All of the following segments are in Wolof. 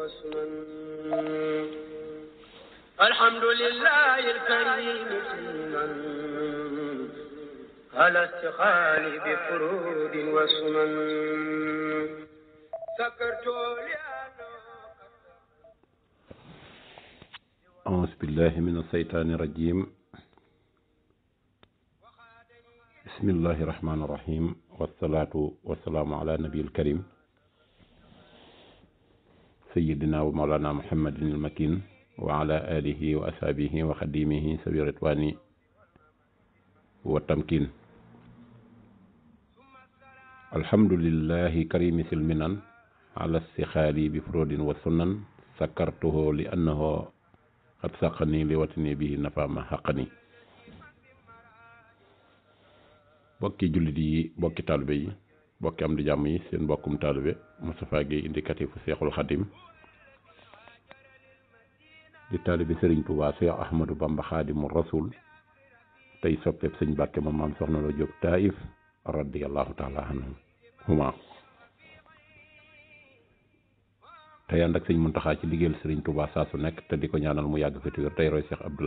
واسما الحمد لله الكريم سلما على استقال بفروض وسمن سكرت أعوذ بالله من الشيطان الرجيم بسم الله الرحمن الرحيم والصلاة والسلام على نبي الكريم sayidina wa maulana muhammadin almakin wa ala alihi wa ashaabihi wa xadimihi sabi ritwaani wa tamkin alhamdulillahi karimi silminan ala istixaali bi furodin wa sunan sakartuhu li annahu qad saqani li watani bihi nafaama xaqani bokki jullit yi bokki taalibe yi bokki am di jàmm yi seen mbokkum taalibe Moustapha Gueye indicatif Seexul Xadim di taalibe Serigne Touba Cheikh Ahmadou Bamba Xaadimu Rasul tey soppeeb sëñ Bàkke ma maam soxna la jóg taif radiyallahu taala anhuma tey ànd ak sëñ ci liggéeyal Serigne Touba saa su nekk te di ko mu yàgg fi tuur tey roy Cheikh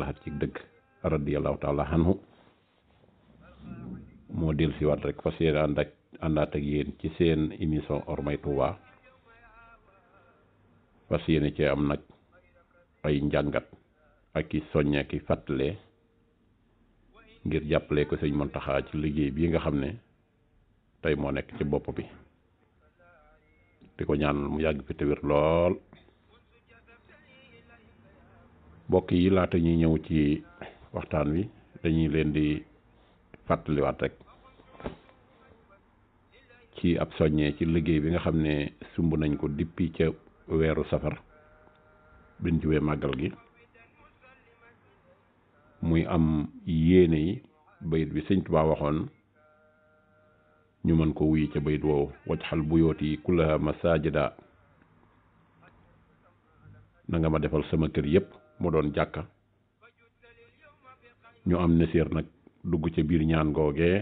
rek fas yéene ànd ak àndaat ak yéen ci seen émission Hormay Touba fas yéene ci am nag ay njàngat ak i soññe fàttale ngir jàppale ko sëñ taxaa ci liggéey bii nga xam ne tey moo nekk ci bopp bi di ko ñaanal mu yàgg fi te lool mbokk yi laata ñuy ñëw ci waxtaan wi dañuy leen di fàttaliwaat rek ci ab soññee ci liggéey bi nga xam ne sumb nañ ko dippi ca weeru safar biñ jubee màggal gi muy am yéene yi bayit bi sëñ Tuubaa waxoon ñu mën ko wuyi ca bayit woowu xal buyooti kullaha masaajida na nga ma defal sama kër yépp mu doon jàkka ñu am nasiir nag dugg ca biir ñaan googee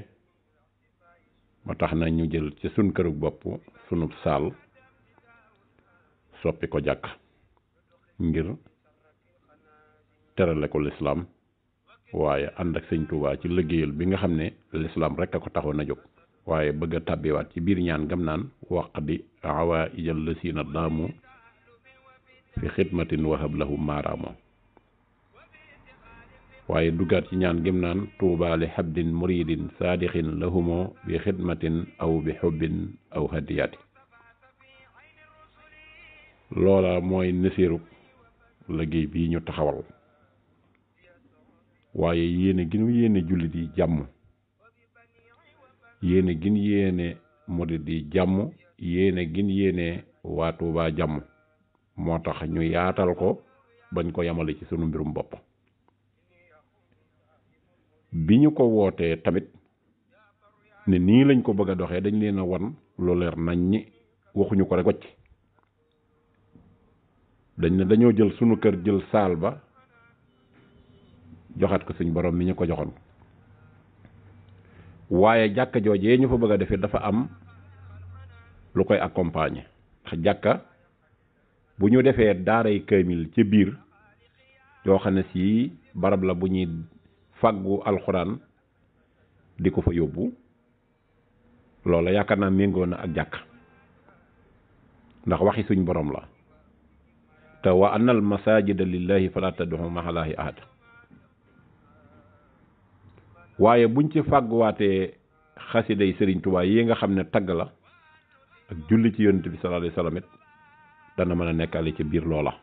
ba tax na ñu jël ci suñ kërug bopp sunu saal soppi ko jàkk ngir terale ko lislaam waaye ànd ak sëñ Tuubaa ci liggéeyal bi nga xam ne lislaam rek a ko taxoon a jóg waaye bëgg a tàbbiwaat ci biir ñaan gam naan waq di awaa ijal lësiina daamu fi xidmatin wahab lahu maaraamoo waaye duggaat ci ñaan gim naan tuubaa li xabdin muridin saadixin lahumo bi xidmatin aw bi xubbin aw hadiyaati loola mooy nisiruk liggéey bii ñu taxawal waaye yéene gi ñu jullit yi jàmm yéene gin yéene murid jàmm yéene gin yéene waa tuubaa jàmm moo tax ñu yaatal ko bañ ko yamale ci sunu mbirum bopp bi ñu ko wootee tamit ne nii lañ ko bëgg a doxee dañ leen won wan lu leer nañ ñi waxuñu ko rek wacc dañ ne dañoo jël sunu kër jël saal ba joxaat ko suñ borom mi ñu ko joxoon waaye jàkka joojee ñu fa bëgg a defee dafa am lu koy accompagner ndax jàkka bu ñu defee daaray kaamil ci biir yoo xam ne si barab la bu ñuy fàggu alxuraan di ko fa yóbbu loola yaakaar naa méngoo na ak jàkk ndax waxi suñ boroom la te wa annal masajida lillahi fala tad'u ma'a llahi ahad waaye buñ ci fàgguwaatee xasiday sëriñ Tuubaa yi nga xam ne tagg la ak julli ci yonent bi sallallahu alayhi wasallam dana mën a nekkaale ci biir loola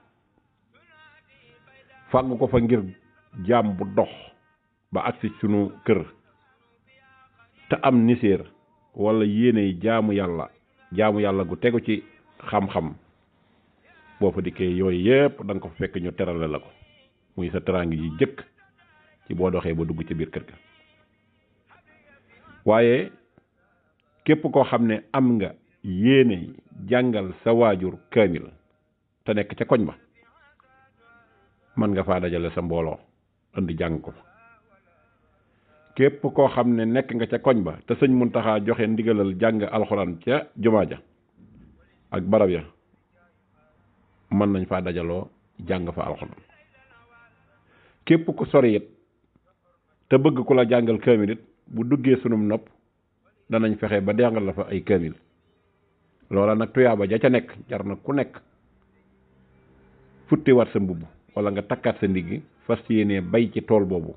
fàggu ko fa ngir jaam bu dox ba agsi sunu kër te am niséer wala yéene jaamu yàlla jaamu yàlla gu tegu ci xam-xam boo fa dikkee yooyu yëpp da nga ko fekk ñu terale la ko muy sa teraangi yi jëkk ci boo doxee ba dugg ci biir kër ga waaye képp koo xam ne am nga yéene jàngal sa waajur kaamil te nekk ca koñ ba mën nga faa dajale sa mbooloo andi jàng ko képp koo xam ne nekk nga ca koñ ba te sëñ Muntaxa joxe ndigalal jàng alxuraan ca jumaa ja ak barab ya mën nañ faa dajaloo jàng fa alxuraan képp ku sori te bëgg ku la jàngal kaamil it bu duggee sunum nopp danañ fexe ba jàngal la fa ay kaamil loola nag tuyaaba ja ca nekk jar na ku nekk futti wat sa mbubb wala nga takkaat sa ndigg fas yéenee bay ci tool boobu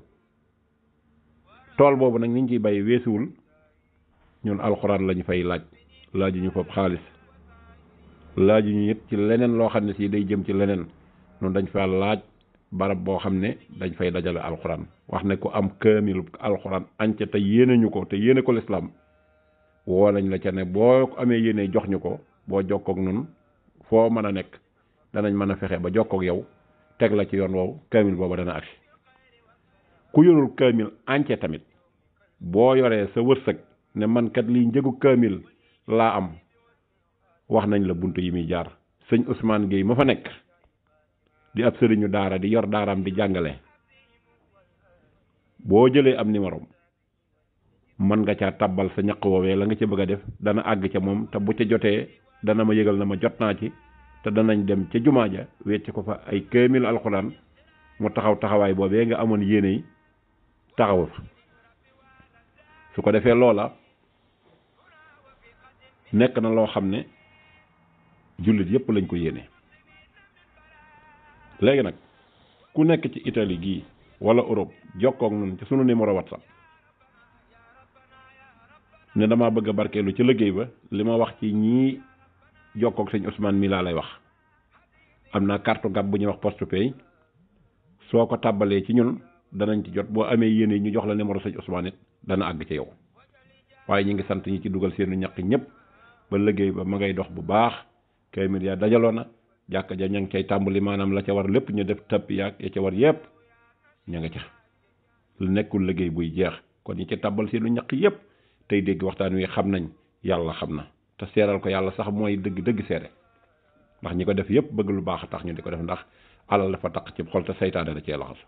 tool boobu nag niñ ciy bay weesuwul ñun alxuraan lañu fay laaj laajuñu ñu foofu xaalis laaju ñu it ci leneen loo xam ne sii day jëm ci leneen noonu dañ fa laaj barab boo xam ne dañ fay dajale alxuraan wax ne ku am kaamil alxuraan anca te yéene ñu ko te yéene ko lislaam woo nañ la ca ne boo amee yéene jox ñu ko boo jokkoog nun foo mën a nekk danañ mën a fexe ba jokkoog yow teg la ci yoon woowu kaamil booba dana agsi ku yorul kaamil ence tamit boo yoree sa wërsëg ne mankat kat lii njëgu kaamil laa am wax nañ la bunt yi muy jaar sëñ Ousmane Gueye ma fa nekk di ab sëriñu daara di yor daaraam di jàngale boo jëlee am numéro mën nga caa tabbal sa ñaq woowee la nga ca bëgg a def dana àgg ca moom te bu ca jotee dana ma yëgal na ma jot naa ci te danañ dem ca jumaa ja wecc ko fa ay kaamil alxuraan mu taxaw taxawaay boobee nga amoon yéene taxawul su ko defee loola nekk na loo xam ne jullit yépp lañ ko yéene léegi nag ku nekk ci itali gi wala Europe jokkook noonu ci sunu numéro WhatsApp ne dama bëgg a barkeelu ci liggéey ba li ma wax ci ñii jokkoog sëñ Ousmane mi laa lay wax am naa carte gab bu ñuy wax postepay soo ko tàbbalee ci ñun danañ ci jot boo amee yéene ñu jox la numéro sëñ Ousmane it dana àgg ci yow waaye ñu ngi sant ñi ci dugal seenu ñaq ñëpp ba liggéey ba ma ngay dox bu baax kaymil yaa dajaloon na jàkka ja ña ngi cay tàmbali maanaam la ca war lépp ñu def tappi yaag ya ca war yépp ña ngi ca lu nekkul liggéey buy jeex kon ñi ci tàbbal seenu ñaq yépp tey dégg waxtaan wi xam nañ yàlla xam na te seeral ko yàlla sax mooy dëgg dëgg seere ndax ñi ko def yépp bëgg lu baax a tax ñu di ko def ndax alal dafa taq ci xol te saytaane da cee laxas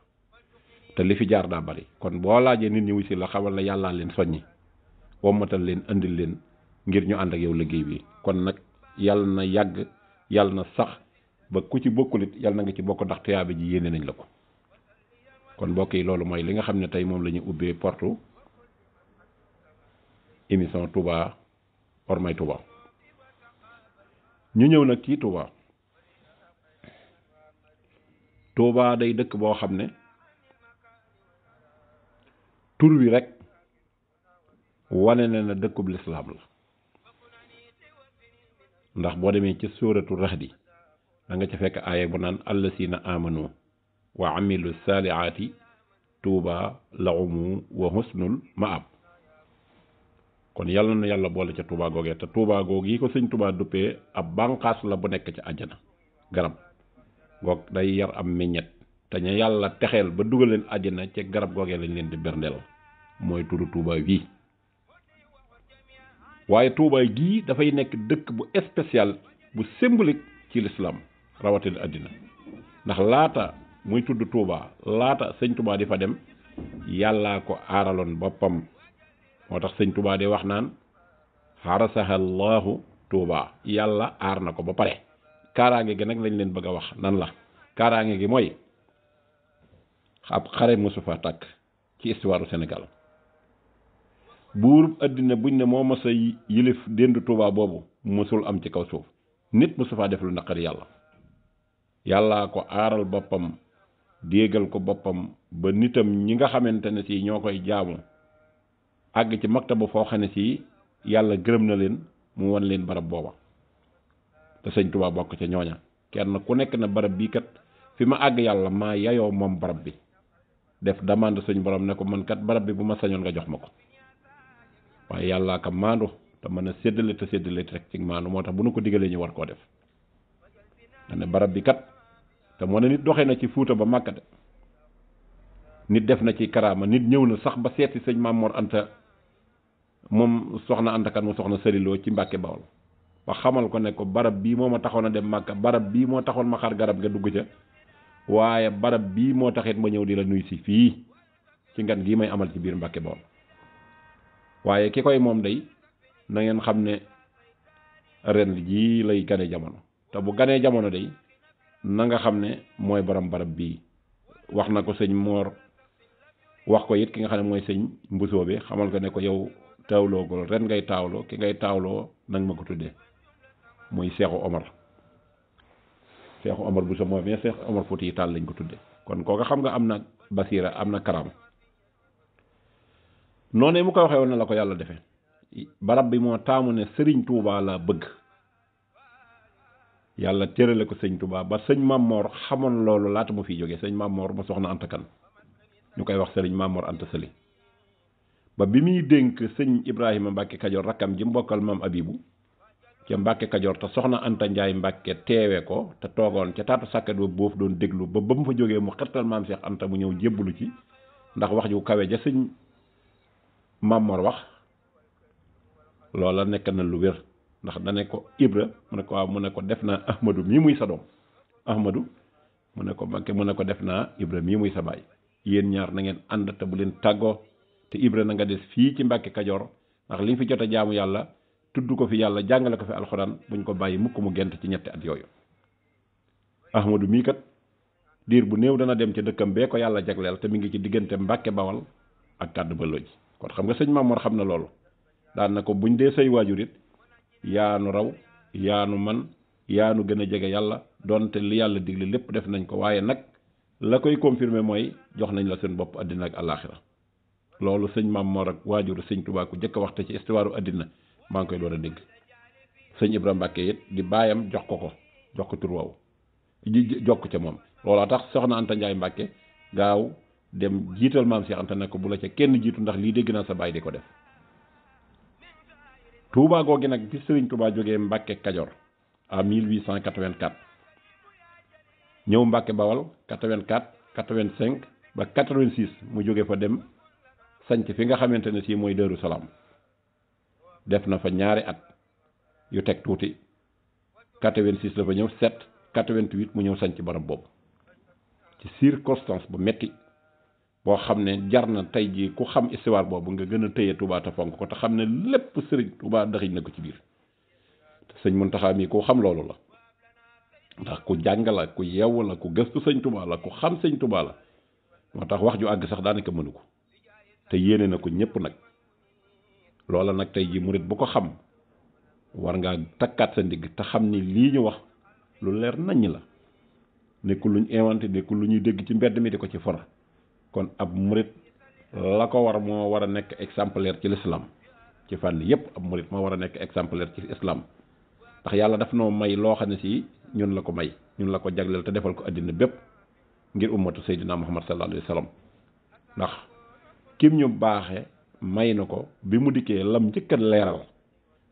te li fi jaar daa bari kon boo laajee nit ñi wu si la xamal la yàllaa leen soññi wommatal leen andil leen ngir ñu ànd ak yow liggéey bi kon nag yàlla na yàgg yàlla na sax ba ku ci bokkulit yàlla na ngi ci bokk ndax tuyaaba ji yéene nañ la ko kon mbokk yi loolu mooy li nga xam ne tey moom la ñu ubbee portu émission Touba Ormay Touba ñu ñëw nag ci Touba Touba day dëkk boo xam ne. tur wi rek wane na na dëkkub lislaam la ndax boo demee ci suuratu raxdi da nga ca fekk aaya bu naan allasiina amanu wa amilu saalihaati tuuba lahumu wa husnul maab kon yàlla na yàlla boole ca tuuba googee te tuuba goog yi ko sëñ tuuba duppee ab bànqaas la bu nekk ca àjjana garab goog day yar am meññet dañu yàlla texeel ba dugal leen àjjana ci garab googee lañ leen di berndeel mooy tudd tuubaay bii waaye tuubaay gii dafay nekk dëkk bu spécial bu symbolique ci l'islam rawatina àddina ndax laata muy tudd tuubaa laata sëñ tubaa di fa dem yàllaa ko aaraloon boppam moo tax sëñ tubaa di wax naan xarasaha allahu tuubaa yàlla aar na ko ba pare kaaraange gi nag lañ leen bëgg a wax nan la kaaraange gi mooy ab xare mosu fa tàkk ci istuwaaru Sénégal buur àddina buñ ne moo mos a yilif déndu Tuubaa boobu mosul am ci kaw suuf nit mosu faa def lu naqari yàlla yàllaa ko aaral boppam di déegal ko boppam ba nitam ñi nga xamante ne si ñoo koy jaamu àgg ci maktaba foo xam ne si yàlla gërëm na leen mu wan leen barab booba te sëñ Tuubaa bokk ca ñooña kenn ku nekk na barab bii kat fi ma àgg yàlla maa yayoo moom barab bi def demande sëñ boroom ne ko man kat barab bi bu ma sañoon nga jox ma ko waaye yàllaa ka maandu te mën a séddale te séddale rek ci maandu moo tax bu nu ko digalee ñu war koo def ne barab bi kat te moo ne nit doxee na ci fuuta ba màkkate nit def na ci karaama nit ñëw na sax ba seeti sëñ Maamoor Anta moom soxna Anta Kan mu soxna sëriloo ci Mbàkke Bawol ba xamal ko ne ko barab bii moo ma taxoon a dem Màkka barab bii moo taxoon ma xar garab nga dugg ca waaye barab bii moo taxit ma ñëw di la nuyu si fii ci ngan gi may amal ci biir Mbàkke Bawol waaye ki koy moom day na xam ne ren jii lay gane jamono te bu ganee jamono day na nga xam ne mooy baram barab bii wax na ko sëñ Moor wax ko it ki nga xam ne mooy sëñ mbusoo bi xamal ko ne ko yow taawloo ko ren ngay taawloo ki ngay taawloo nag ma ko tuddee muy Seexu Omar seexu Omar Bousso mooy mais seexu Omar Fouti Tall lañ ko tudde kon kooka xam nga am na basiira am na karaama noonee mu ko waxee woon la ko yàlla defee barab bi moo taamu ne sëriñ Touba laa bëgg yàlla tërale ko sëñ Touba ba sëñ Mamor xamoon loolu laata mu fi jógee sëñ mamoor ma soxna Anta Kan ñu koy wax sëriñ Mamor Anta Sëli ba bi muy dénk sëñ Ibrahima Mbacke Kajoor rakkam ji mbokkal mam Abibu ca Mbàkke Kajoor te soxna Anta Ndiaye Mbàkke teewe ko te toogoon ca taatu sàkket ba boofu doon déglu ba ba mu fa jógee mu xettal maam Cheikh Anta mu ñëw jébbalu ci ndax wax ju kawe ja sëñ Mamor wax loola nekk na lu wér ndax da ko Ibra mu ne ko waaw mu ne ko def naa Ahmadu mii muy sa doom Ahmadu mu ne ko Mbàkke mu ne ko def naa Ibra mii muy sa baay yéen ñaar na ngeen ànd te bu leen tàggoo te Ibra na nga des fii ci Mbàkke Kajoor ndax li fi jot a jaamu yàlla. tudd ko fi yàlla jàngale ko fi alxuraan buñ ko bàyyi mukk mu gent ci ñetti at yooyu ahmadu mii diir bu néew dana dem ca dëkkam bee ko yàlla jagleel te mi ngi ci diggante mbàkke bawal ak kàddu ba loj kon xam nga sëñ Maamoor xam na loolu daan na ko buñ dee say waajur it yaanu raw yaanu man yaanu gën a jege yàlla donte li yàlla digle lépp def nañ ko waaye nag la koy confirmer mooy jox nañ la seen bopp àddina ak àllaaxira loolu sëñ Maamoor ak waajuru sëñ Tuubaa ku jëkk waxte ci istuwaaru àddina maa ngi koy doon a dégg sëñ Ibrahima Mbacke it di baayam jox ko ko jox ko tur woowu jokk ca moom looloo tax soxna Anta Ndiaye Mbacke gaaw dem jiital maam Cheikh Anta ko bu la ca kenn jiitu ndax lii dégg naa sa baay di ko def Touba googi nag bi Serigne Touba jógee Mbacke Kajoor à 1884 ñëw Mbacke Bawal 84 85 ba 86 mu jóge fa dem sanc fi nga xamante ne sii mooy Darou Salaam. def na fa ñaari at yu teg tuuti 86 la fa ñëw 7 88 mu ñëw sañ ci barab boobu ci circonstance bu metti boo xam ne jar na tey jii ku xam histoire boobu nga gën a tëye Touba fonk ko te xam ne lépp sëriñ Touba daxiñ na ko ci biir te sëñ Muntaxa mi ko xam loolu la ndax ku jàng la ku yeewu la ku gëstu sëñ Touba la ku xam sëñ tubaa la moo tax wax ju àgg sax daanaka mënu ko te yéene na ko ñëpp nag. loola nag tey jii murit bu ko xam war ngaa takkaat sa ndigg te xam ni lii ñu wax lu leer nañ ñi la nekkul lu ñu inventé nekkul lu ñuy dégg ci mbedd mi di ko ci fora kon ab murit la ko war moo war a nekk exemplaire ci l'islam ci fànn yépp ab murit moo war a nekk exemplaire ci islam ndax yàlla daf noo may loo xam ne si ñun la ko may ñun la ko jagleel te defal ko àddina bépp ngir ummatu seydina muhammad sallallahu alayhi wa sallam ndax kim ñu baaxe may na ko bi mu dikkee lam njëkkat leeral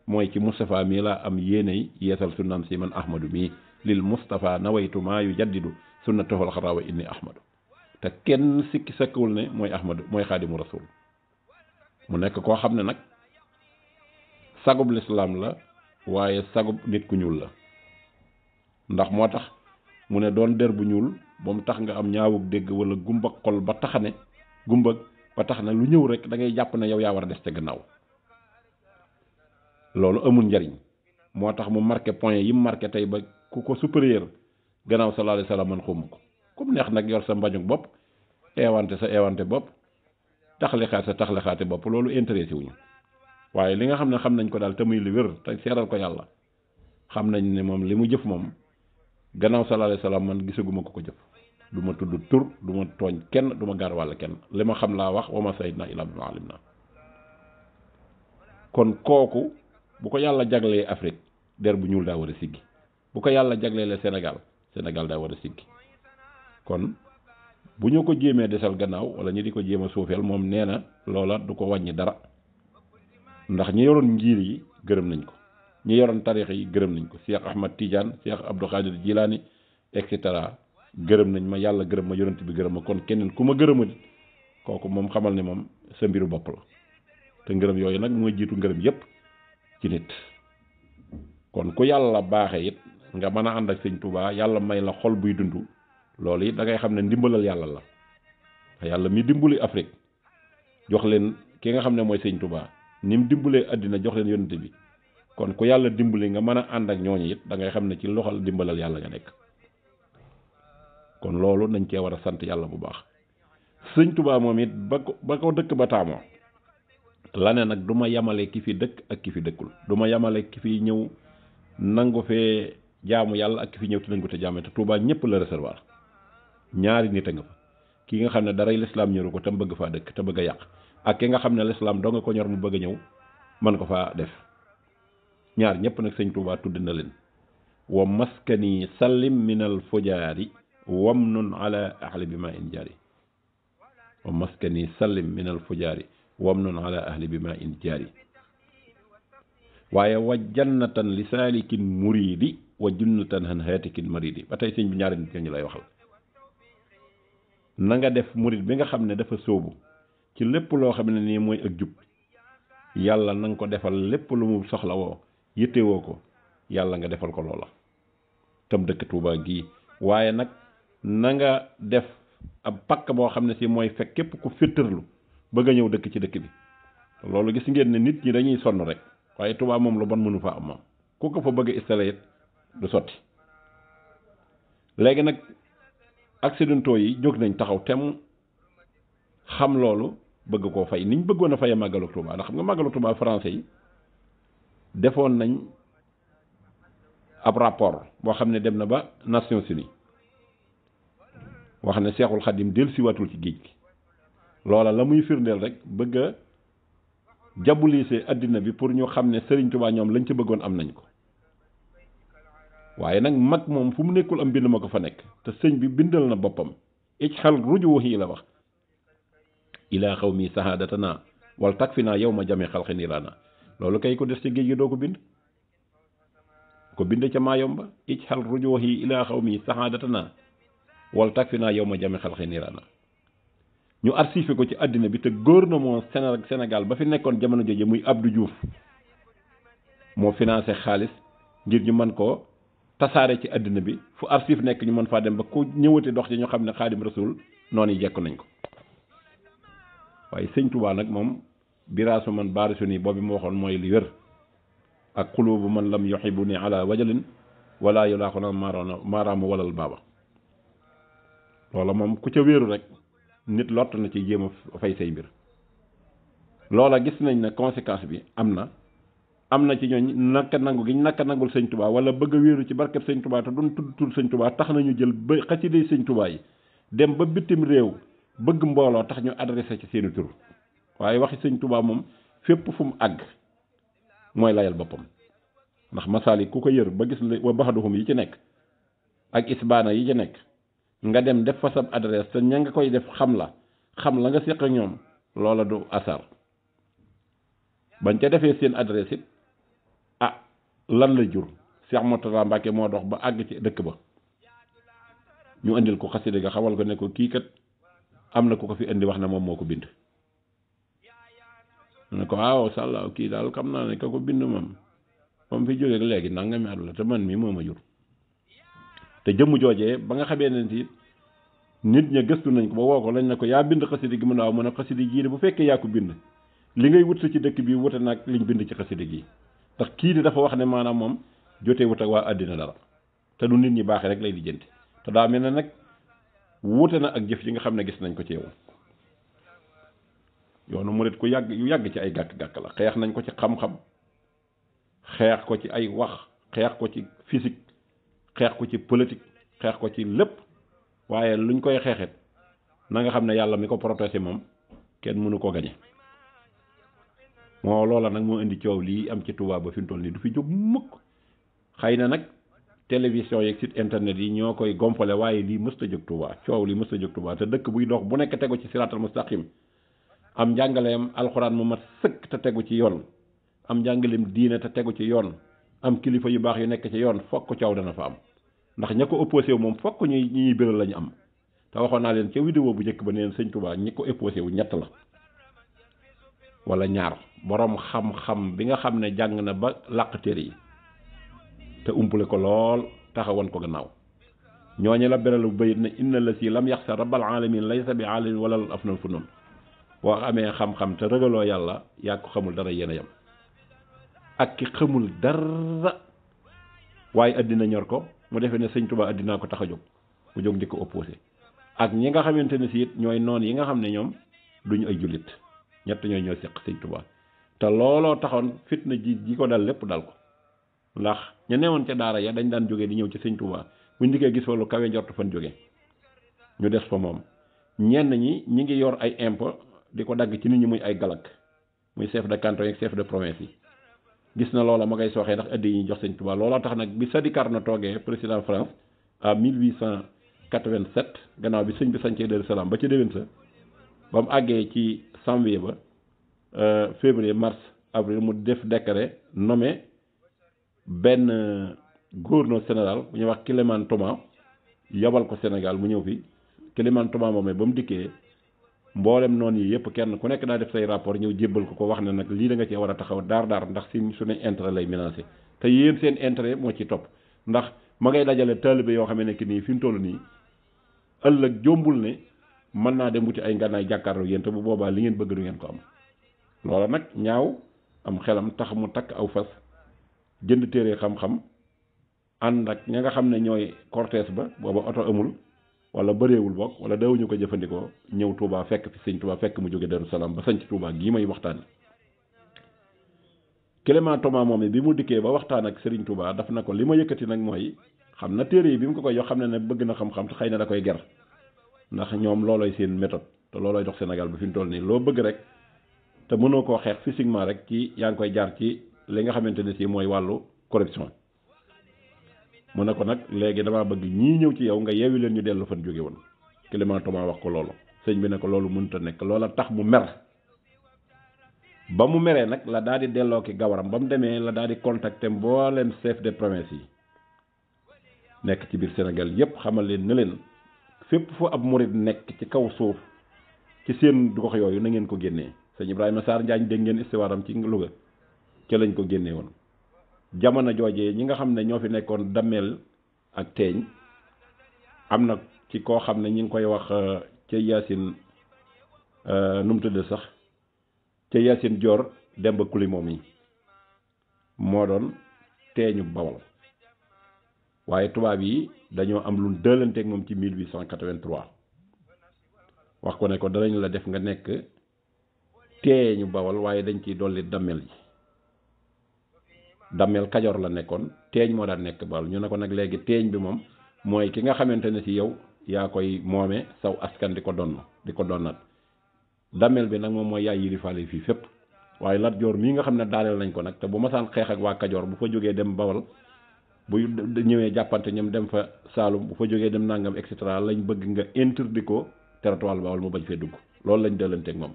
mooy ci Moustapha mii laa am yéeney yeesal sunnam si man Ahmadu mii lil Moustapha nawaytu maa yu jaddidu sunnatahul xaraa wa inni Ahmadu te kenn sikki sakkiwul ne mooy Ahmadu mooy xaadimu rasul mu nekk koo xam ne nag sagub lislaam la waaye sagub nit ku ñuul la ndax moo tax mu ne doon der bu ñuul ba mu tax nga am ñaawug dégg wala gumba xol ba taxane gumba ba tax na lu ñëw rek da ngay jàpp ne yow yaa war a des ca gannaaw loolu amul njariñ moo tax mu marqué point yi mu marqué tey ba ku ko supérieur gannaaw sallallahu alayhi wasallam man xawma ko comme neex nag yor sa mbañug bopp eewante sa eewante bopp taxalixaat sa taxalixaate bopp loolu intéressé wuñu waaye li nga xam ne xam nañ ko daal te muy li wér te seeral ko yàlla xam nañ ne moom li mu jëf moom gannaaw sallallahu alayhi wasallam man gisaguma ko ko jëf du ma tudd tur du ma tooñ kenn duma ma gaar wàll kenn li ma xam laa wax wa ma sayid na ilaa bi alim na kon kooku bu ko yàlla jaglee Afrique der bu ñuul daa war a siggi bu ko yàlla jaglee senegal senegal Sénégal daa war a siggi kon bu ñu ko jéemee desal gannaaw wala ñi di ko jéem a suufeel moom nee na loola du ko wàññi dara ndax ñi yoroon njiir yi gërëm nañ ko ñi yoroon tariix yi gërëm nañ ko Cheikh Ahmad Tidiane Cheikh Abdou Khadir Jilani et gërëm nañ ma yàlla gërëm ma yonent bi gërëm ma kon keneen ku ma gërëma kooku moom xamal ne moom sa mbiru bopp la te ngërëm yooyu nag mooy jiitu ngërëm yépp ci nit kon ku yàlla baaxe it nga mën a ànd ak sëñ tubaa yàlla may la xol buy dund loolu it da ngay xam ne ndimbalal yàlla la yàlla mi dimbali Afrique jox leen ki nga xam ne mooy sëñ tubaa ni mu dimbulee àddina jox leen yonent bi kon ku yàlla dimbali nga mën a ànd ak ñooñu it da ngay xam ne ci loxol dimbalal yàlla nga nekk. kon loolu nañ kee war a sant yàlla bu baax sëñ tubaa moom it ba ko ba ko dëkk ba taamoo la ne nag du ma yamale ki fi dëkk ak ki fi dëkkul duma ma yamale ki fi ñëw nangu fee jaamu yàlla ak ki fi ñëw te nangu te jaame te tuubaa ñëpp la réservoir ñaari nit a nga fa ki nga xam ne daray lislaam ñëru ko te bëgg faa dëkk te bëgg yàq ak ki nga xam ne lislaam doo nga ko ñor mu bëgg a ñëw mën ko faa def ñaar ñëpp nag sëñ tuubaa tudd na leen wa maskani sallim noonu ala ahli bi ma in jaari wa maskani sallim min al fujaari wamnun ala ahli bi ma in jaari waaye wa jannatan li saalikin muridi wa junnatan han hayatikin maridi ba tey sëñ bu ñaari nit ñu lay waxal na nga def murid bi nga xam ne dafa sóobu ci lépp loo xam ne nii mooy ak jub yàlla nanga ko defal lépp lu mu soxla woo yittewoo ko yàlla nga defal ko loola tam dëkk Tuubaa gii waaye nag nanga def ab pakk boo xam ne si mooy fekk képp ku filtre lu bëgg a ñëw dëkk ci dëkk bi loolu gis ngeen ne nit ñi dañuy sonn rek waaye Tuubaa moom lu bon mënu fa am moom ku ko fa bëgg a installé it du sotti léegi nag accidentaux yi jóg nañ taxaw temm xam loolu bëgg koo fay niñ bëggoon a fayee màggalu Tuubaa ndax xam nga màggalu Tuubaa français yi defoon nañ ab rapport boo xam ne dem na ba Nations Unies wax ne seexul xadim del siwatul ci géej gi loola la muy firndeel rek bëgg a jabuliise addina bi pour ñu xam ne Serigne Touba ñoom lañ ci bëggoon am nañ ko waaye nag mag moom fu mu nekkul am bind ma ko fa nekk te sëñ bi bindal na boppam ij xal rujuwuhi la wax ilaa xaw mi sahaadatana wal takfina yow ma jame xalxi niraana loolu kay ko des ci géej gi doo ko bind ko bind ca maayom ba ij xal rujuwuhi ilaa xaw mi naa wala takfi naa yow ma jame xel xëy niiraana ñu archivé ko ci àddina bi te gouvernement Sénégal ba fi nekkoon jamono jooju muy Abdou Diouf moo financé xaalis ngir ñu man ko tasaare ci àddina bi fu archive nekk ñu mën faa dem ba ko ñëwati dox ci ñu xam ne xaadim rasul noonu yi jekku nañ ko waaye sëñ Tuubaa nag moom biraasu man baarisu nii boobu mu waxoon mooy li wér ak xulubu man lam yuxibu ni ala wajalin wala yulaaxu na maaraamu walal baaba loola moom ku ca wéeru rek nit lott na ci jéema a fay say mbir loola gis nañ ne conséquence bi am na am na ci ñooñ naka nangu gi nakk nangul sëñ tubaa wala bëgg wéeru ci barkeb sañ tubaa te duñ tudd tudd sëñ tubaa tax nañu jël ba xasiday sëñ tubaa yi dem ba bitim réew bëgg mbooloo tax ñu adressé ci seeni tur waaye waxi sañ tubaa moom fépp fu mu àgg mooy layal boppam ndax masaal yi ku ko yër ba gis la wa yi ci nekk ak isbaana yi ci nekk nga dem def fa sab adresse te ña nga koy def xam la xam la nga séq ak ñoom loola du asar bañ ca defee seen adresse it ah lan la jur Cheikh Mourtada Mbacke moo dox ba àgg ci dëkk ba ñu indil ko xasida ga xamal ko ne ko kii kat am na ko ko fi indi wax na moom moo ko bind mu ne ko ah, waaw sàllaaw kii daal xam naa ne bind moom moom fi jógee léegi nangami at la te man mii moo ma jur te jëmm joojee ba nga xamee ne it nit ña gëstu nañ ko ba woo ko lañ ne ko yaa bind xasida gi mu ne waaw mën a xasida gii de bu fekkee yaa ko bind li ngay wut sa ci dëkk bi wute nag liñ bind ci xasida gi ndax kii di dafa wax ne maanaam moom jotee wut ak waa àddina dara te lu nit ñi baaxee rek lay lijjanti te daa mel ne nag wuute na ak jëf yi nga xam ne gis nañ ko ci yow yoonu murit ku yàgg yu yàgg ci ay gàkk-gàkk la xeex nañ ko ci xam-xam xeex ko ci ay wax xeex ko ci physique xeex ko ci politique xeex ko ci lépp waaye luñ koy xeexet na nga xam ne yàlla mi ko protéger moom kenn mënu ko gañe moo loola nag moo indi coow lii am ci tubaab ba fi mu toll nii du fi jóg mukk xëy na nag television yeeg site internet yi ñoo koy gompale waaye lii mës ta jóg Touba coow lii mës jóg Touba te dëkk buy dox bu nekk tegu ci siraatal mustaqim am njàngaleem alxuraan mu mat sëkk te tegu ci yoon am njàngaleem diina te tegu ci yoon am kilifa yu baax yu nekk ci yoon fokk coow dana fa am ndax ña ko opposé wu moom fokk ñuy ñuy biral lañu am te waxoon naa leen ca vidéo bu njëkk ba neen sëñ Tuubaa ñi ko opposé wu ñett la wala ñaar boroom xam-xam bi nga xam ne jàng na ba làq yi te umpale ko lool taxawoon ko gannaaw ñooñu la beralu bayit ne inna la si lam yaxsa rabbal alamin laysa bi alamin wala af nal fu noonu boo amee xam-xam te rëgaloo yàlla yaa ko xamul dara yéen a yem ak ki xamul dara waaye addina ñor ko mu defee ne sëñ Tuubaa addinaa ko tax a jóg mu jóg di ko opposé ak ñi nga xamante ne si ñooy noon yi nga xam ne ñoom duñu ay jullit ñett ñooy ñoo seq sëñ Tuubaa te looloo taxoon fitna ji ji ko dal lépp dal ko ndax ñu newoon ca daara ya dañ daan jóge di ñëw ci sëñ Tuubaa bu ndikee gis fa lu kawe njort fan jóge ñu des fa moom ñenn ñi ñi ngi yor ay impôt di ko dagg ci nit ñi muy ay galak muy chef de canton yi chef de province yi gis na loola ma ngay sooxee ndax addi yi ñuy jox sëñ Tuubaa looloo tax nag bi sa Sadikar na toogee président France à 1887 gannaaw bi sëñ bi sañcee Daaru Salaam ba ca déwén sa ba mu àggee ci janvier ba euh, février mars avril mu def décret nommé benn gouverneur général bu ñuy wax Clément Thomas yabal ko Sénégal mu ñëw fi Clément Thomas moomee ba mu dikkee mboolem noon yi yëpp kenn ku nekk daa def say rapport ñëw jébbal ko ko wax ne nag lii da nga cee war a taxaw daar daar ndax si suñu intérêt lay menacé te yéen seen intérêt moo ci topp ndax ma ngay dajale taalibe yoo xam ne nii fi mu nii ëllëg jombul ne mën naa dem bu wuti ay ngànnaay jàkkaarloo yéen te bu boobaa li ngeen bëgg du ngeen ko am loola nag ñaaw am xelam tax mu takk aw fas jënd téere xam-xam ànd ak ña nga xam ne ñooy cortège ba booba oto amul wala bëreewul bokk wala dawuñu ko jëfandikoo ñëw Touba fekk fi sëñ Touba fekk mu jóge Darou Salaam ba sañc Touba gii may waxtaan Clément Thomas moom bi mu dikkee ba waxtaan ak Serigne Touba daf na ko li ma yëkkati nag mooy xam na téere yi bi mu ko koy yoo xam ne ne bëgg na xam-xam te xëy na da koy ger ndax ñoom loolooy seen méthode te loolooy dox Sénégal ba fi mu toll nii loo bëgg rek te mënoo koo xeex physiquement rek ci yaa ngi koy jaar ci li nga xamante ne si mooy wàllu corruption mu ne ko nag léegi damaa bëgg ñii ñëw ci yow nga yeewi leen ñu dellu fan jóge woon Clément wax ko loolu sëñ bi ne ko loolu mënut a nekk loola tax mu mer ba mu meree nag la daal di delloo ki gawaram ba mu demee la daal di contacter mbooleem chef de province yi nekk ci biir Sénégal yépp xamal leen na leen fépp fu ab murid nekk ci kaw suuf ci seen gox yooyu na ngeen ko génnee sëñ Ibrahima Sarr Njaañ dégg ngeen istiwaaram ci luga ca lañ ko génnee woon jamono joojee ñi nga xam ne ñoo fi nekkoon dammeel ak teeñ am na ki koo xam ne ñu ngi koy wax euh, ca Yaasin euh, nu mu tudd sax ca Yaasin Joor Demba Kuli moom yi moo doon teeñu Bawol waaye tubaab yi dañoo am lu dëlanteeg moom ci 1883 wax ko ne ko danañ la def nga nekk teeñu bawal waaye dañ ciy dolli dammeel yi dammel kajoor la nekkoon teeñ moo daan nekk baal ñu ne ko nag léegi teeñ bi moom mooy ki nga xamante ne si yow yaa koy moome saw askan di ko donn di ko donnaat dammel bi nag moom mooy yaay yilifaale fii fépp waaye Lat Joor mii nga xam ne daaneel nañ ko nag te bu masaan xeex ak waa kajoor bu fa jógee dem bawal bu ñëwee jàppante ñoom dem fa saalum bu fa jógee dem nangam et cetera lañ bëgg nga interdit ko territoire bawal mu bañ fee dugg loolu lañ dëlanteeg moom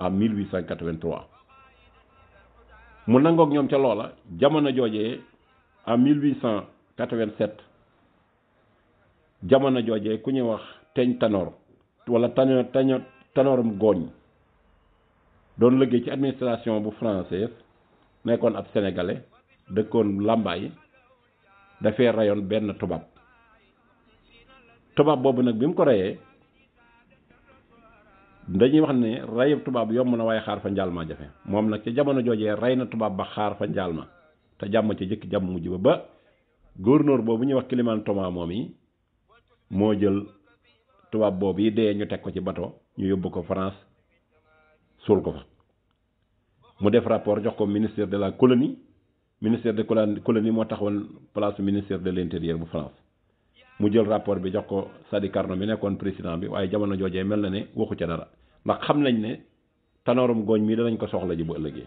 en 1883 mu nangook ñoom ca loola jamono joojee en 1887 jamono joojee ku ñuy wax teñ Tanor wala Tanor Tanor Tanorum Goñ doon liggéey ci administration bu française nekkoon ab sénégalais dëkkoon làmbaay dafay rayoon benn tubaab tubaab boobu nag bi mu ko reyee dañuy wax ne rayub tubaab yomb na waaye xaar fa njaal maa jafe moom nag ca jamono joojee rey na tubaab ba xaar fa njaal ma te jàmm ca jëkk jàmm mujj ba ba gouverneur boobu ñuy wax Clément Thomas moom yi moo jël tubaab boobu yi dee ñu teg ko ci bato ñu yóbbu ko France suul ko fa mu def rapport jox ko ministère de la colonie ministère de colonie moo taxawoon place ministère de l'intérieur bu France mu jël rapport bi jox ko Sadi Carnot bi nekkoon président bi waaye jamono joojee mel na ne waxu ca dara ndax xam nañ ne tanoorum gooñ mii danañ ko soxla ji bu ëllëgee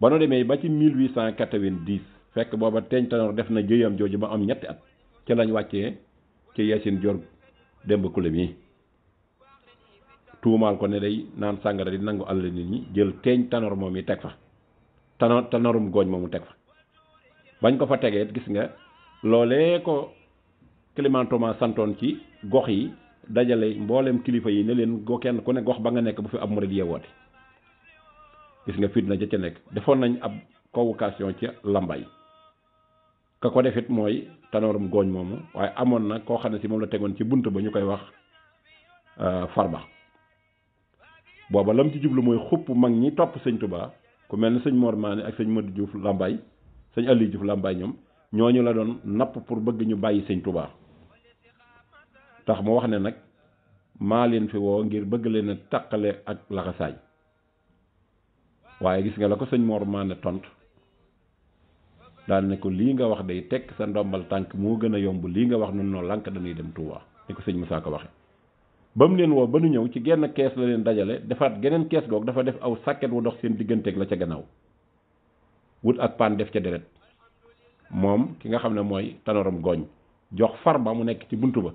ba nu demee ba ci cent 1890 fekk booba teeñ tanoor def na jëyam jooju ba am ñetti at ci lañ wàccee ci yeesin jor demb kule mi tuumaal ko ne day naan sàngara di nangu àll nit ñi jël teeñ tanoor moom yi teg fa tanoor tanoorum gooñ moomu teg fa bañ ko fa tegee gis nga loolee ko Clément Thomas santoon ci gox yi dajale mbooleem kilifa yi ne leen go kenn ku ne gox ba nga nekk bu fi ab murid yeewoote gis nga fitna ja ca nekk defoon nañ ab convocation ca Lambaay ka ko defit mooy tanoorum gooñ moomu waaye amoon na koo xam ne si moom la tegoon ci bunt ba ñu koy wax euh, farba booba lam ci jublu mooy xupp mag ñi topp sëñ Touba ku mel ne sëñ Mor ak sëñ Modou Diouf Lambaay sëñ Aliou Diouf Lambaay ñoom ñooñu la doon napp pour bëgg ñu bàyyi sëñ Touba. tax mu wax ne nag maa leen fi woo ngir bëgg leen taqale ak laxasaay waaye gis nga la ko sëñ Mor maa ne tontu daal ne ko lii nga wax day tekk sa ndombal tànk moo gën a yomb lii nga wax nun noo lànk dañuy dem Touba ni ko sëñ Moussa ko waxe ba mu leen woo ba nu ñëw ci genn kees la leen dajale defaat geneen kees goog dafa def aw sàkket wu dox seen digganteeg la ca gannaaw wut ak paan def ca deret moom ki nga xam ne mooy tanoram goñ jox far ba mu nekk ci buntu ba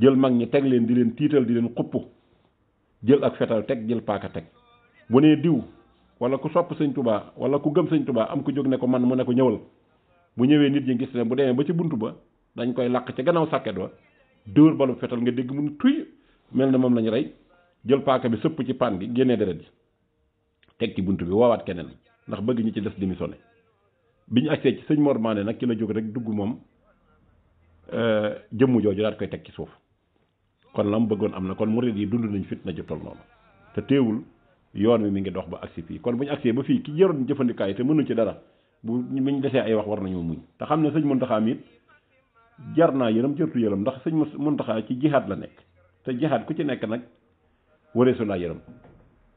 jël mag ñi teg leen di leen tiital di leen xupp jël ak fetal teg jël paaka teg bu nee diw wala ku sopp sëñ tubaa wala ku gëm sëñ tubaa am ku jóg ne ko man mu ne ko ñëwal bu ñëwee nit ñi gis ne bu demee ba ci bunt ba dañ koy làq ci gannaaw sàkket wa dóor balu fetal nga dégg mun tuy mel na moom lañu rey jël paaka bi sëpp ci paan gi génnee deret ji teg ci bunt bi woowaat keneen ndax bëgg ñi ci des démissionné bi ñu agsee ci sëñ Mor nag ci la jóg rek dugg moom euh, jëmm jooju daal koy teg ci kon la mu bëggoon am na kon murid yi dund nañ fitna ju toll noonu te teewul yoon wi mi ngi dox ba agsi fii kon bu ñu agsee ba fii ki yoroon jëfandikaay te mënu ci dara bu ñu desee ay wax war nañoo muñ te xam ne sëñ Muntaxa mi it jar naa yërëm jërtu yërëm ndax sëñ Muntaxa ci jihaat la nekk te jihaat ku ci nekk nag wareesu laa yërëm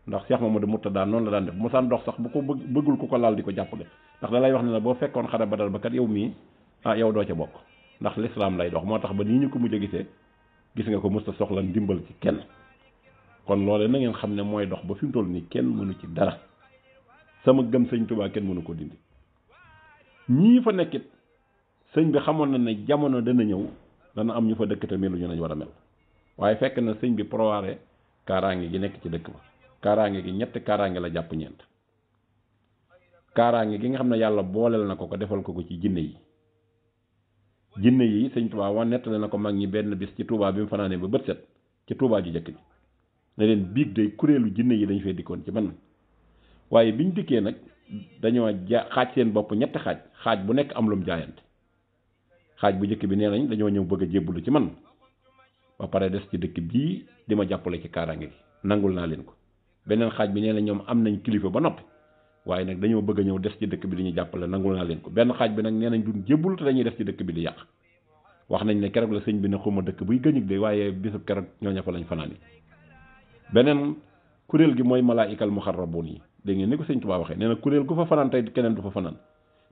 ndax ma mu Cheikh Mamadou Murtada noonu la daan def mosaan dox sax bu ko bëggul ku ko laal di ko jàppale ndax da lay wax ne la boo fekkoon xare Badar ba kat yow mii ah yow doo ca bokk ndax lislaam lay dox moo tax ba nii ñu ko mujj a gisee gis nga ko mës a soxla ndimbal ci kenn kon loole na ngeen xam ne mooy dox ba fim mu toll nii kenn mënu ci dara sama gëm sëñ Tuubaa kenn mënu ko dindi ñii fa nekkit sëñ bi xamoon na ne jamono dana ñëw dana am ñu fa dëkk te ñu nañ war a mel waaye fekk na sëñ bi prowaare kaaraange gi nekk ci dëkk ba kaaraange gi ñett kaaraange la jàpp ñeent kaaraange gi nga xam ne yàlla booleel na ko ko defal ko ko ci jinne yi jinne yi sëñ Tuubaa waa nettali na ko mag ñi benn bis ci Tuubaa bi mu fanaanee ba bët set ci Tuubaa ju jëkk ji ne leen biig day kuréelu jinne yi dañu fee dikkoon ci man waaye bi ñu dikkee nag dañoo ja xaaj seen bopp ñetti xaaj xaaj bu nekk am lum jaayante xaaj bu njëkk bi nee nañ dañoo ñëw bëgg a jébbalu ci man ba pare des ci dëkk bii di ma jàppale ci kaaraange gi nangul naa leen ko beneen xaaj bi nee na ñoom am nañ kilifa ba nopp waaye nag dañoo bëgg a ñëw des ci dëkk bi dañuy jàppale nangul naa leen ko benn xaaj bi nag nee nañ duñ jébbul te dañuy des ci dëkk bi di yàq wax nañ ne keroog la sëñ bi ne xuma dëkk buy gëñug de waaye bisub keroog ñooña fa lañ fanaan yi beneen kuréel gi mooy mu malaaikal muxarrabuun yi dégg ni ko sëñ Tuubaa waxee nee na kuréel gu fa fanaan tey keneen du fa fanaan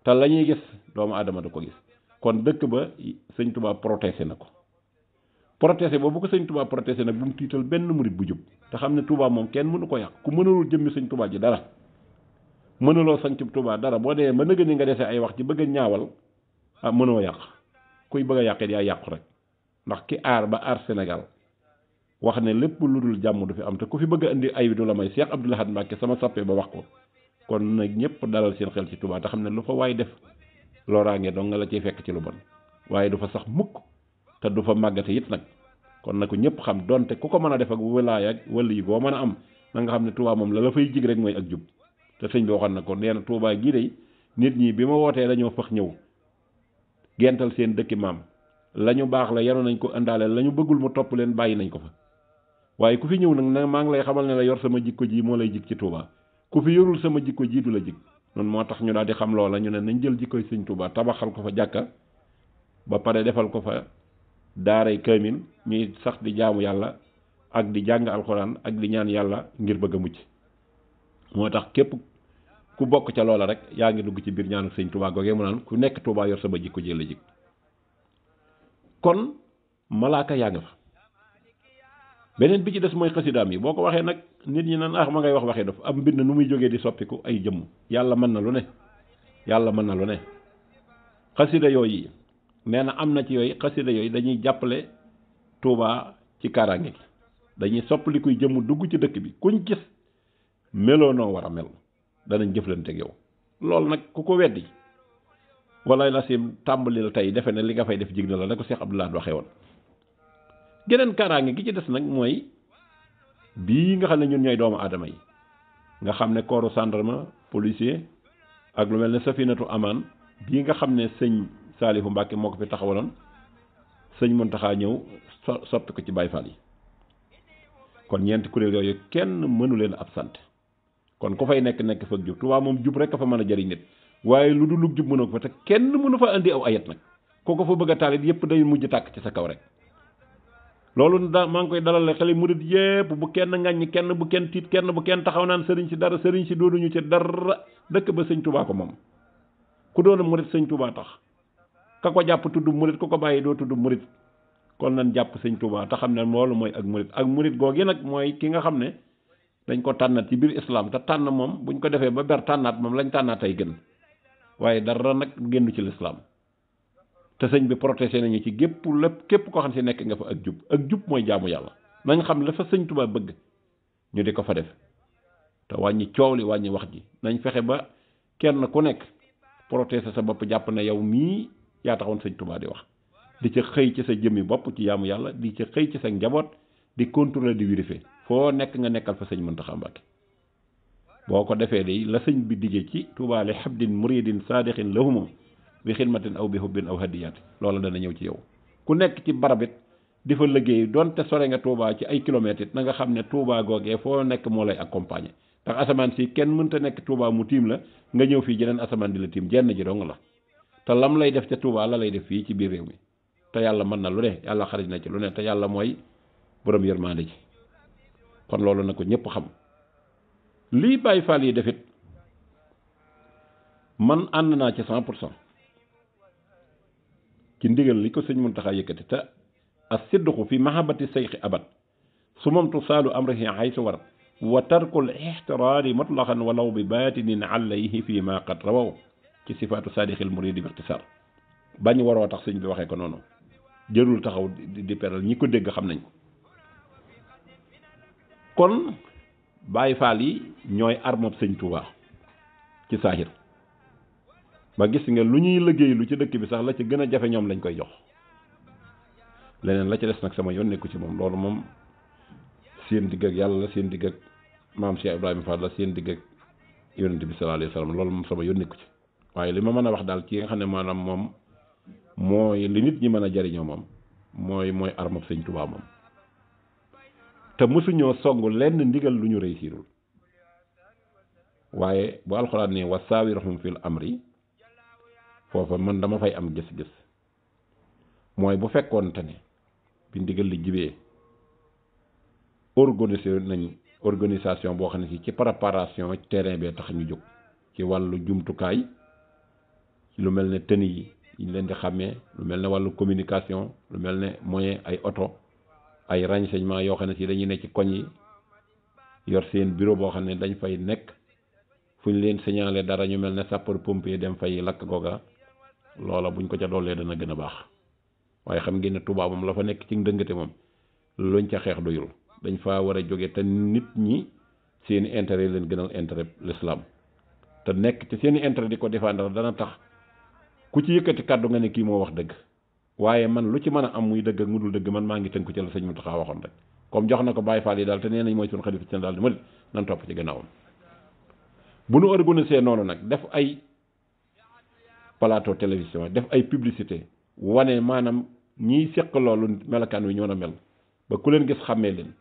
te la ñuy gis doomu aadama du ko gis kon dëkk ba sëñ Tuubaa protégé na ko protégé boobu ko sëñ Tuubaa protégé nag bu mu tiital benn murit bu jub te xam ne moom kenn mënu ko yàq ku mënalul jëmmi sëñ Tuubaa ji dara mënuloo sancub Touba dara boo dee ba nëgë ni nga desee ay wax ci bëgg a ñaawal ah mënoo yàq kuy bëgg a yàqit yaa yàqu rek ndax ki aar ba aar senegal wax ne lépp lu dul jàmm du fi am te ku fi bëgg a indi ay du la may Cheikh Abdoul Ahad Mbacké sama sappe ba wax ko kon nag ñëpp dalal seen xel ci tubaa te xam ne lu fa waay def looraange dong nga la ciy fekk ci lu bon waaye du fa sax mukk te du fa màggate it nag kon na ko ñëpp xam donte ku ko mën a def ak wilaaya ak wàll yi boo mën a am na nga xam ne Touba moom la la fay jig rek mooy ak jub te sëñ bi waxoon na ko nee na Touba gii day nit ñi bi ma wootee dañoo fax ñëw gental seen dëkki maam lañu baax la yanu nañ ko indaale la ñu bëggul mu topp leen bàyyi nañ ko fa waaye ku fi ñëw nag na maa ngi lay xamal ne la yor sama jikko ji moo lay jig ci Touba ku fi yorul sama jikko ji du la jikk noonu moo tax ñu daal di xam loola ñu ne nañ jël jikkoy sëñ Touba tabaxal ko fa jàkka ba pare defal ko fa daaray kaamil ñuy sax di jaamu yàlla ak di jàng ak di ñaan yàlla ngir bëgg a moo tax képp ku bokk ca loola rek yaa ngi dugg ci biir ñaanu sëñ Touba googee mu naan ku nekk Touba yor sama jikko jël la jik kon malaaka yaa nga fa beneen bi ci des mooy xasidaam yi boo ko waxee nag nit ñi naan ah ma ngay wax waxee daf am mbind nu muy jógee di soppiku ay jëmm yàlla mën na lu ne yàlla mën na lu ne xasida yooyu nee na am na ci yooyu xasida yooyu dañuy jàppale Touba ci kaaraange gi dañuy soppali jëmm dugg ci dëkk bi kuñ gis meloo noo war a mel danañ jëflanteeg yow loolu nag ku ko weddi walaay la sim tàmbali la tey defe ne li nga fay def jig na la na ko Cheikh Abdoulaye waxee woon geneen kaaraange gi ci des nag mooy bii nga xam ne ñun ñooy doomu aadama nga xam ne kooru gendarme policier ak lu mel ne safinatu amaan bii nga xam ne sëñ Saalihu Mbàkke moo ko fi taxawaloon sëñ mën Muntaxa ñëw so soppi ko ci Baay yi kon ñeenti kuréel yooyu kenn mënu leen ab sant kon ku fay nekk nekk fa jub Tuubaa moom jub rek a fa mën a jëriñ nit waaye lu dul jub mënoo ko fa te kenn mënu fa andi aw ayat nag koo ko fa bëgg a taalit yëpp day mujj tàkk ci sa kaw rek loolu da maa ngi koy dalal xel yi murit yëpp bu kenn ŋàññi kenn bu kenn tiit kenn bu kenn taxaw naan sëriñ si dara sëriñ si doo doonuñu ci dara dëkk ba sëñ Tuubaa ko moom ku doona murit sëñ Tuubaa tax ka ko jàpp tudd murit ku ko bàyyi doo tudd murit kon nan jàpp sëñ Tuubaa te xam ne loolu mooy ak murit ak murit googi nag mooy ki nga xam ne dañ ko tànnat ci biir islam te tànn moom bu ñu ko defee ba ber tànnaat moom lañ tànnaat ay gën waaye dara nag génn ci lislaam te sëñ bi protégé nañu ci gépp lépp képp koo xam si nekk nga fa ak jub ak jub mooy jaamu yàlla nañ xam la fa sëñ Tuubaa bëgg ñu di ko fa def te wàññi coow li wàññi wax ji nañ fexe ba kenn ku nekk protégé sa bopp jàpp na yow mii yaa taxoon sëñ tubaa di wax di ca xëy ci sa jëmmi bopp ci jaamu yàlla di ca xëy ci sa njaboot di contrôler di vérifier foo nekk nga nekkal fa sëñ Muntaxa Mbàkke boo ko defee day la sëñ bi digee ci Tuubaa li xabdin muridin saadixin lahum bi xidmatin aw bi hubbin aw hadiyaat loola dana ñëw ci yow ku nekk ci barabit di fa liggéey donte sore nga Tuubaa ci ay kilomètres it na nga xam ne Tuubaa googee foo nekk moo lay accompagner ndax asamaan si kenn mënta nekk Tuubaa mu tiim la nga ñëw fii jeneen asamaan di la tiim jenn ji dong la te lam lay def ca Tuubaa la lay def fii ci biir réew te yàlla mën na lu ne yàlla na ci lu ne te yàlla mooy borom yërmande ji kon loolu na ko ñëpp xam lii Baye Fall yi defit man ànd naa ci cent pour cent ci ndigal li ko sëñ Muntaxa yëkkati te as sidduqu fi mahabati seyxi abad su mamtu saalu amrihi haysu warat wa tarkul ixtiraari mutlaqan walaw bi baatinin alayhi fi ma qad rawaw ci sifaatu saadixil muridi bi ixtisaar bañ waroo tax sëñ bi waxee ko noonu jërul taxaw di peral ñi ko dégg xam nañ ko kon bàyyi Faal yi ñooy armob sëñ Tuubaa ci saahir ba gis nga lu ñuy liggéey lu ci dëkk bi sax la ci gën a jafe ñoom lañ koy jox leneen la ci des nag sama yoon nekku ci moom loolu moom seen digg ak yàlla seen digg ak maam Cheikh Ibrahima Fall la seen digg ak yonent bi sallallahu alayhi wa loolu moom sama yoon ci waaye li ma mën a wax daal ci nga xam ne maanaam moom mooy li nit ñi mën a jariñoo moom mooy mooy armob sëñ Tuubaa moom te mësuñoo song lenn ndigal lu ñu réussirul waaye bu alxuraan ne wa saawirhum fil amri foofa man dama fay am gis-gis mooy bu fekkoon te ne bi ndigal li jibee nañ organisation boo xam ne si ci préparation terrain bee tax ñu jóg ci wàllu jumtukaay lu mel ne tenue yi ñu leen di xàmmee lu mel ne wàllu communication lu mel ne moyen ay oto ay renseignement yoo xam ne si dañu nekk ci koñ yi yor seen bureau boo xam ne dañ fay nekk fu ñu leen signalé dara ñu mel ne sapeur pompier dem fay lakk googa loola buñ ko ca doolee dana gën a baax waaye xam ngeen ne Tuubaa moom la fa nekk ci ndëngate moom luñ ca xeex doyul dañ faa war a jóge te nit ñi seeni intérêt leen gënal intérêt l'islam te nekk ci seeni intérêt di ko défendre dana tax ku ci yëkkati kàddu nga ne kii moo wax dëgg waaye man lu ci mën a am muy dëgg ak mu dul dëgg man maa ngi tënku ci la sëñ Mountakha waxoon rek comme jox na ko Baye Fall yi daal te nee nañ mooy suñu xalifa ci daal di mën nan topp ci nag def ay plateau télévision def ay publicité wane maanaam ñiy seq loolu melokaan wi ñoo na mel ba ku leen gis xàmmee leen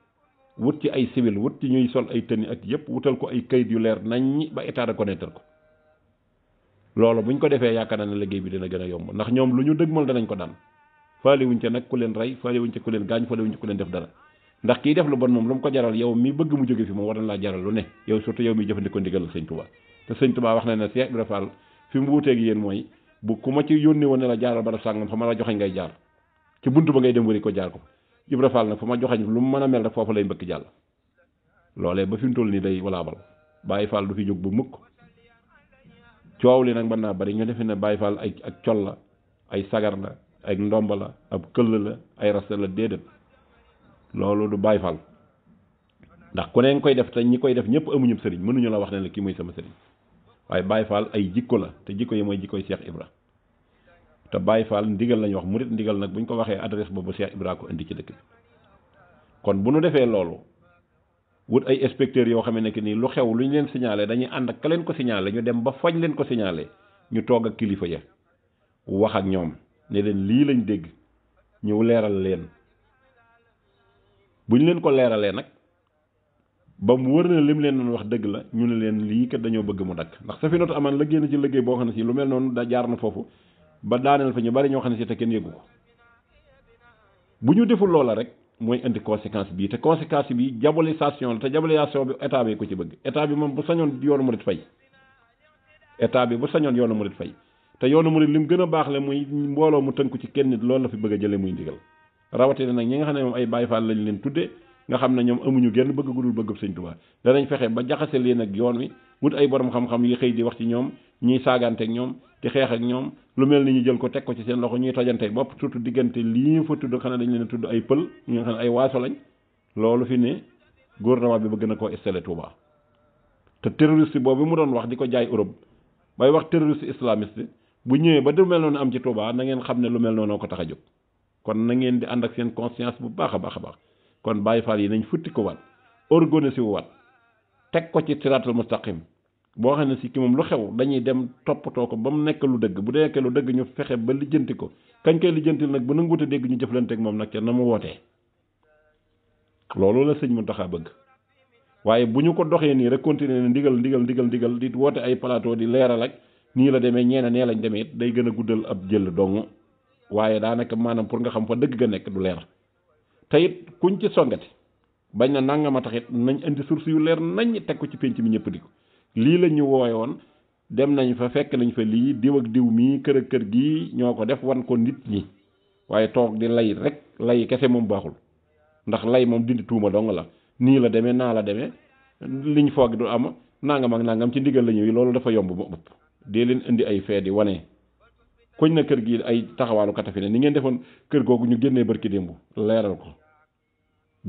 wut ci ay civil wut ci ñuy sol ay tenue ak yëpp wutal ko ay kayit yu leer nañ ñi ba état reconnaître ko loolu buñ ko defee yaakaar naa ne liggéey bi dina gën a yomb ndax ñoom lu ñu dëgmal danañ ko daan faale wuñ ca nag ku leen rey faale wuñ ca ku leen gaañ faale wuñ ca ku leen def dara ndax kii def lu bon moom lu mu ko jaral yow mi bëgg mu jóge fi moom war na laa jaral lu ne yow surtout yow mi jëfandikoo ndigal sëñ Tuubaa te sëñ Tuubaa wax na ne Cheikh Ibra Fall fi mu wuuteeg yéen mooy bu ku ma ci yónnee woon ne la jaaral barab sàngam fa ma la joxeñ ngay jaar ci buntu ba ngay dem wëri ko jaar ko Ibra Fall nag fa ma joxeñ lu mu mën a mel rek foofu lay mbëkk jàll loolee ba fi mu toll nii day walaabal Baay Fall du fi jóg bu mukk coow lii nag mën naa bari ñu defee ne Baye Fall ay ak col la ay sagar la ay ndomba la ab këll la ay rasta la déedéet loolu du Baye Fall ndax ku ne nga koy def te ñi koy def ñëpp amuñu sëriñ mënuñu la wax ne la kii mooy sama sëriñ waaye Baye Fall ay jikko la te jikko yi mooy jikko seex Ibra te Baye Fall ndigal lañ wax murit ndigal nag bu ñu ko waxee adresse boobu Cheikh Ibra ko indi ci dëkk bi kon bu nu defee loolu. wut ay inspecteurs yoo xam ne nii lu xew lu ñu leen signalé dañuy ànd ak ka leen ko señaale ñu dem ba fañ leen ko signalé ñu toog ak kilifa ya wax ak ñoom ne leen lii lañ dégg ñëw leeral leen bu ñu leen ko leeralee nag ba mu wër na lim leen doon wax dëgg la ñu ne leen lii kat dañoo bëgg mu dakk ndax Safinatoul Amaan la génn ci liggéey boo xam ne si lu mel noonu da jaar na foofu ba daaneel fa ñu bari ñoo xam ne si te kenn yëgu ko bu ñu deful loola rek. mooy indi conséquence bii te conséquence bi diabolisation la te diabolisation bi état bi ko ci bëgg état bi moom bu sañoon yoonu murit fay état bi bu sañoon yoonu murit fay te yoonu murit li mu gën a baax la muy mbooloo mu tënku ci kenn nit loolu la fi bëgg a jëlee muy ndigal rawatina nag ñi nga xam ne moom ay Baay Faal lañ leen tuddee nga xam ne ñoom amuñu genn bëgg gudul bëgg Sëñ Tuubaa danañ fexe ba jaxase lii nag yoon wi wut ay borom xam-xam yi xëy di wax ci ñoom ñuy saaganteeg ñoom di xeex ak ñoom lu mel ni ñu jël ko teg ko ci seen loxo ñuy tojante bopp surtout diggante lii ñu fa tudd xanaa dañ leen a tudd ay pël ñu nga xam ne ay waaso lañ loolu fi ne gouvernement bi bëgg na koo installé Touba te terroriste boobu mu doon wax di ko jaay Europe bay wax terroriste islamiste bu ñëwee ba du mel noonu am ci Touba na ngeen xam ne lu mel noonu ko tax a jóg kon na ngeen di ànd ak seen conscience bu baax a baax a baax kon Baye Fall yi nañ futti ko waat organisé wu waat teg ko ci siraatal mustaqim boo xam ne si ki moom lu xew dañuy dem toppatoo ko ba mu nekk lu dëgg bu dee lu dëgg ñu fexe ba lijjanti ko kañ koy lijjantil nag bu dégg ñu jëflanteeg moom nag ca na wootee loolu la sëñ Mountakha bëgg waaye bu ñu ko doxee nii rek continuer ne ndigal ndigal ndigal ndigal di woote ay plateau di leeral ak nii la demee ñeena nee lañ demee it day gën guddal ab jël dong waaye daanaka maanaam pour nga xam fa dëgg ga nekk du leer te kuñ ci songati bañ na nangama taxit nañ indi source yu leer nañ teg ko ci penc mi ñëpp di ko lii la ñu wooye woon dem nañu fa fekk lañu fa lii diw ak diw mii kër ak kër gii ñoo ko def wan ko nit ñi waaye toog di lay rek lay kese moom baaxul ndax lay moom dindi tuuma dong la nii la demee naa la demee liñ foog du am nangam ak nangam ci ndigal la loolu dafa yomb ba ëpp dee leen indi ay fee di wane koñ na kër gi ay taxawaalu katafi ne ni ngeen defoon kër googu ñu génnee barki démb leeral ko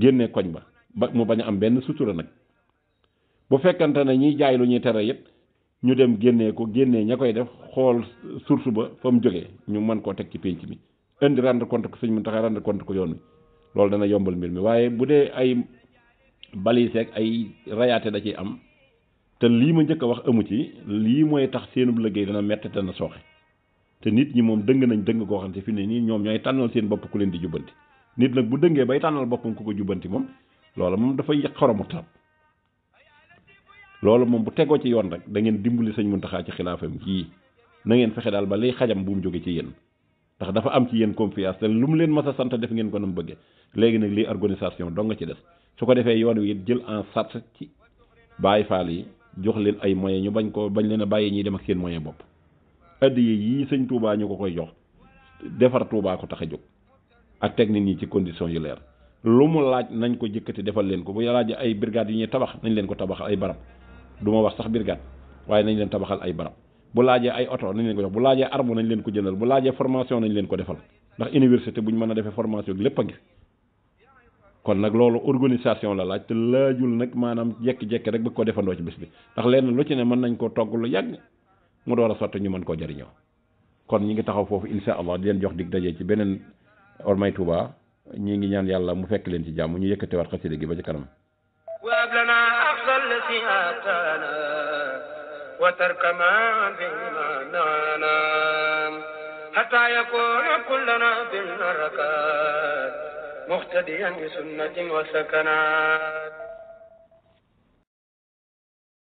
génnee koñ ba ba mu bañ a am benn sutura nag bu fekkante ne ñiy jaay lu ñuy tere yëpp ñu dem génnee ko génnee ña koy def xool source ba fa mu jógee ñu mën koo teg ci pénc mi indi rendre compte ko sëñ mu taxee rendre compte ko yoon wi loolu dana yombal mbir mi waaye bu dee ay baliseeg ay rayaate da ciy am te lii ma njëkk a wax amu ci lii mooy tax seenub liggéey dana metti dana sooxe te nit ñi moom dëng nañ dëng koo xam ne fi ne nii ñoom ñooy tànnal seen bopp ku leen di jubbanti nit nag bu dëngee bay tànnal boppam ko jubbanti moom loola moom dafay xoromu tam loolu moom bu tegoo ci yoon rek dangeen ngeen sañ sëñ taxaa ci xilaafam gii na ngeen fexe daal ba liy xajam bu mu jóge ci yéen ndax dafa am ci yéen confiance te lu mu leen mas a sant def ngeen ko nam bëgge léegi nag lii organisation nga ci des su ko defee yoon wi jël en charge ci bàyyi faal yi jox leen ay moyens ñu bañ ko bañ leen a bàyyi ñuy dem ak seen moyen bopp yii sëñ Touba ñu ko koy jox defar Touba tax jóg ak teg nit ñi ci leer lu mu laaj nañ ko jëkkati defal leen ko bu laaj ay brigades yi ñuy tabax nañ leen ko tabax ay barab du ma wax sax brigade waaye nañ leen tabaxal ay barab bu laajee ay oto nañ leen ko jox bu laajee arme nañ leen ko jëndal bu laajee formation nañ leen ko defal ndax université bu ñu mën a defee formation bi lépp a ngi kon nag loolu organisation la laaj te laajul nag maanaam jekki rek bëgg ko defandoo ci bés bi ndax lenn lu ci ne mën nañ koo togg lu yàgg mu door a sotti ñu mën koo jëriñoo kon ñu ngi taxaw foofu insha allah di leen jox dig dajee ci beneen Ormay Touba ñi ngi ñaan yàlla mu fekk leen ci jàmm ñu yëkkatewaat xasida gi ba ci kanam فيها أتانا وترك ما فيما نعانا حتى يكون كلنا بالبركات مقتديا بسنة وسكنات